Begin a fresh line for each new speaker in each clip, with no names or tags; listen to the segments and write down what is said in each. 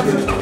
Thank you.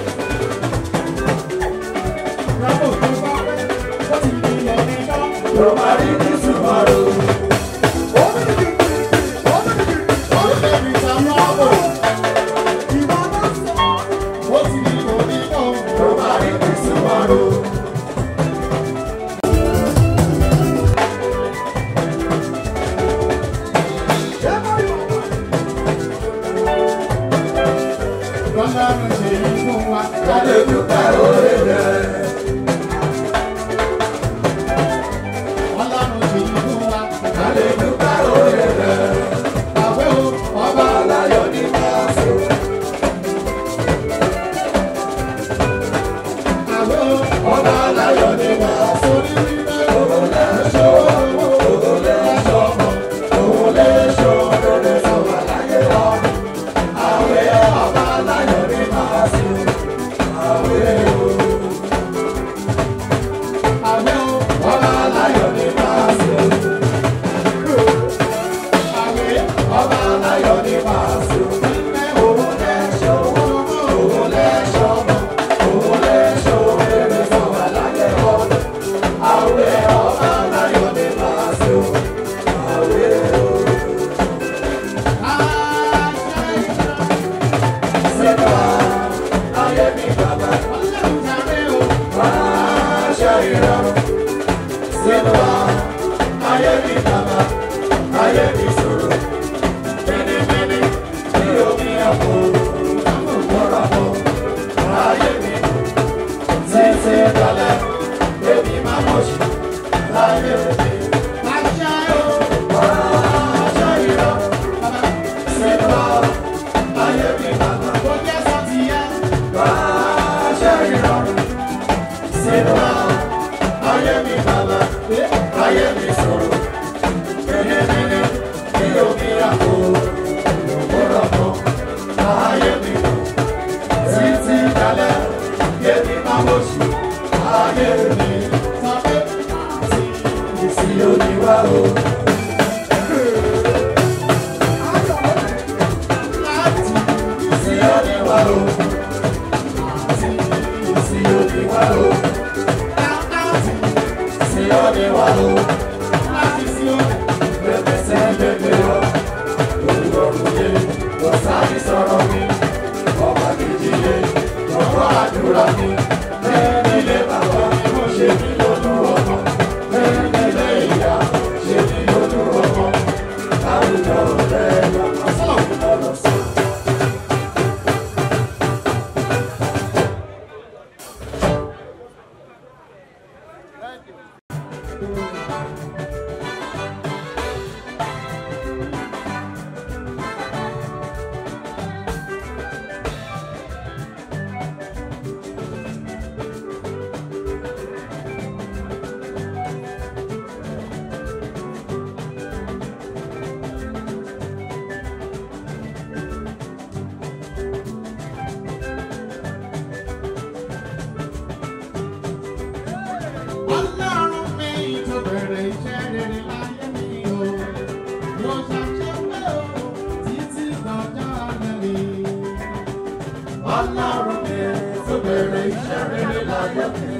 ọlọ́run mi tó bèrè iṣẹ́ rere láyé mi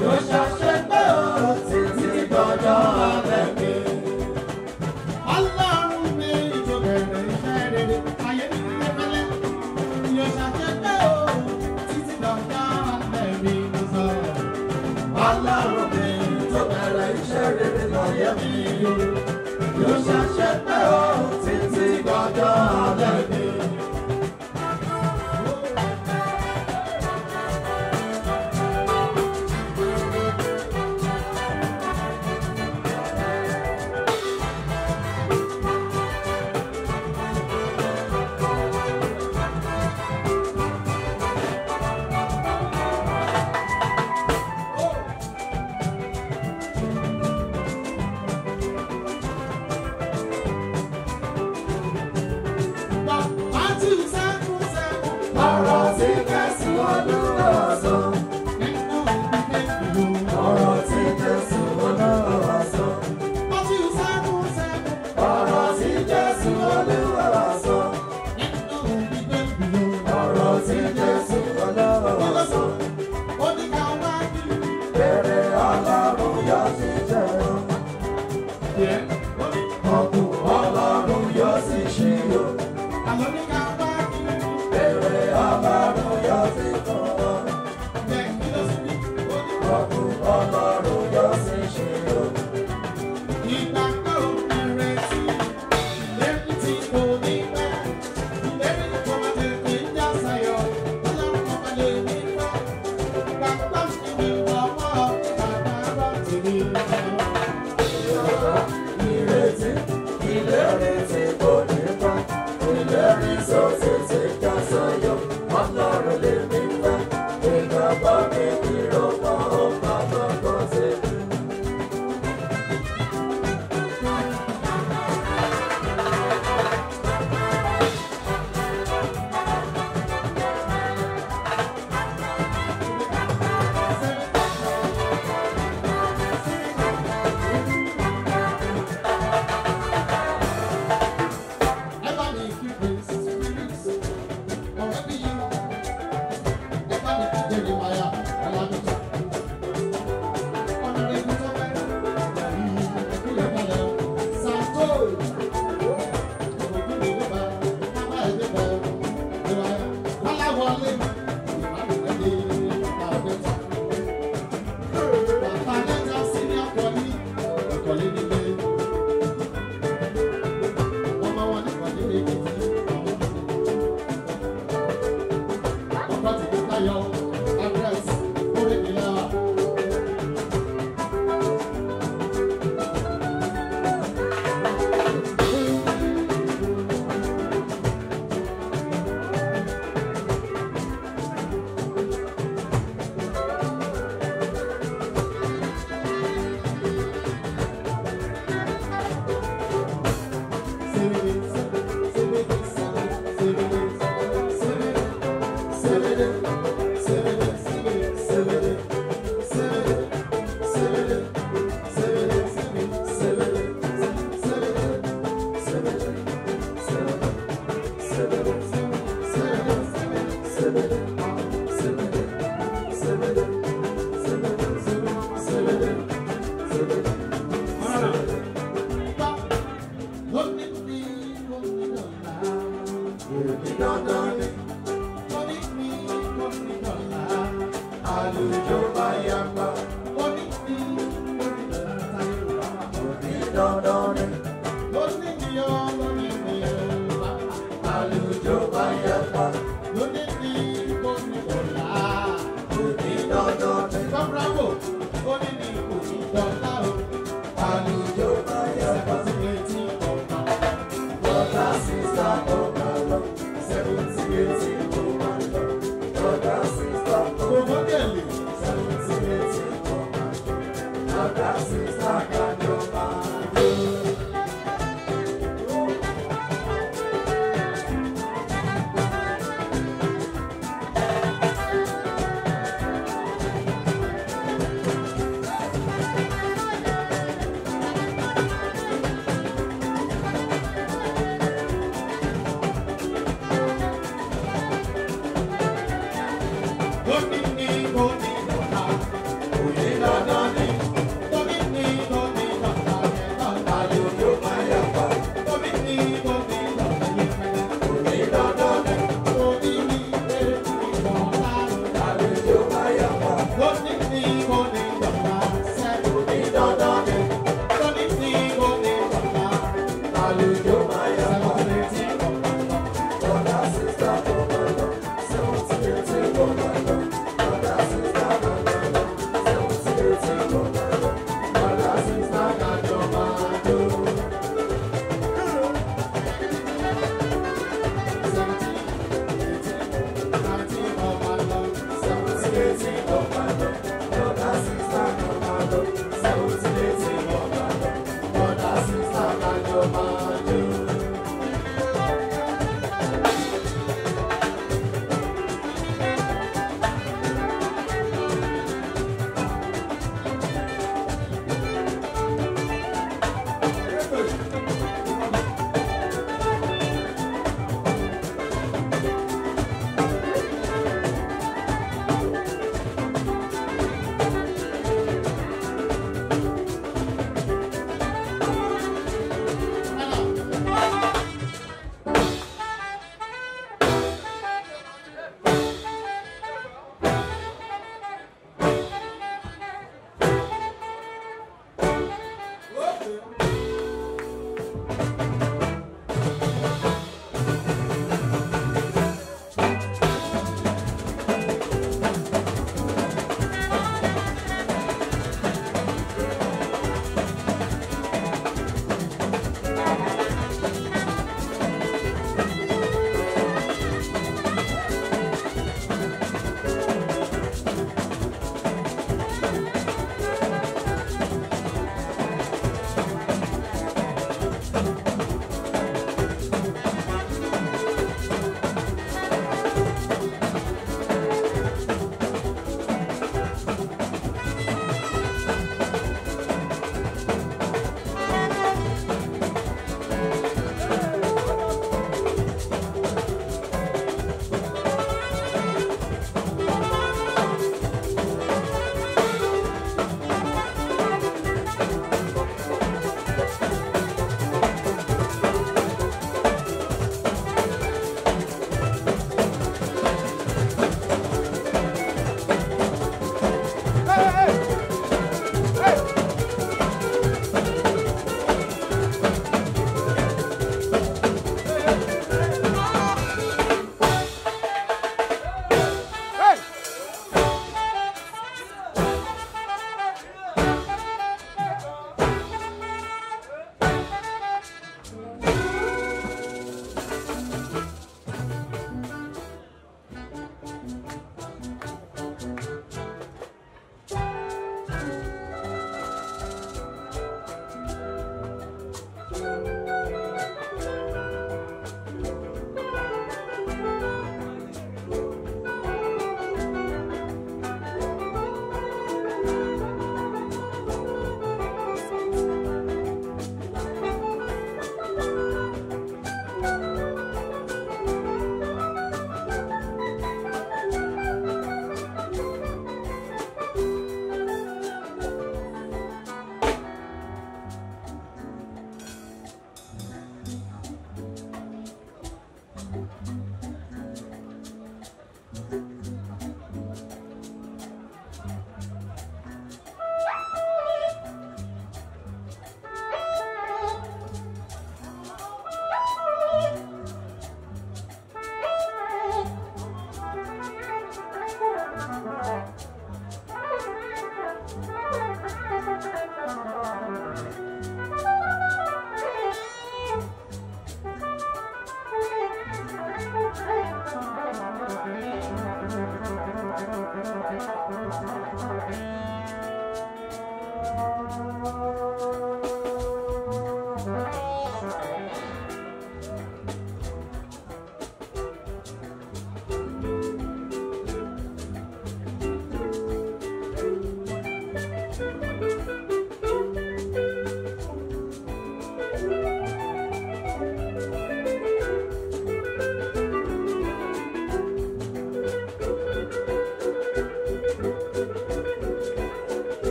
yóò ṣàṣẹ́gbẹ́. Abraham.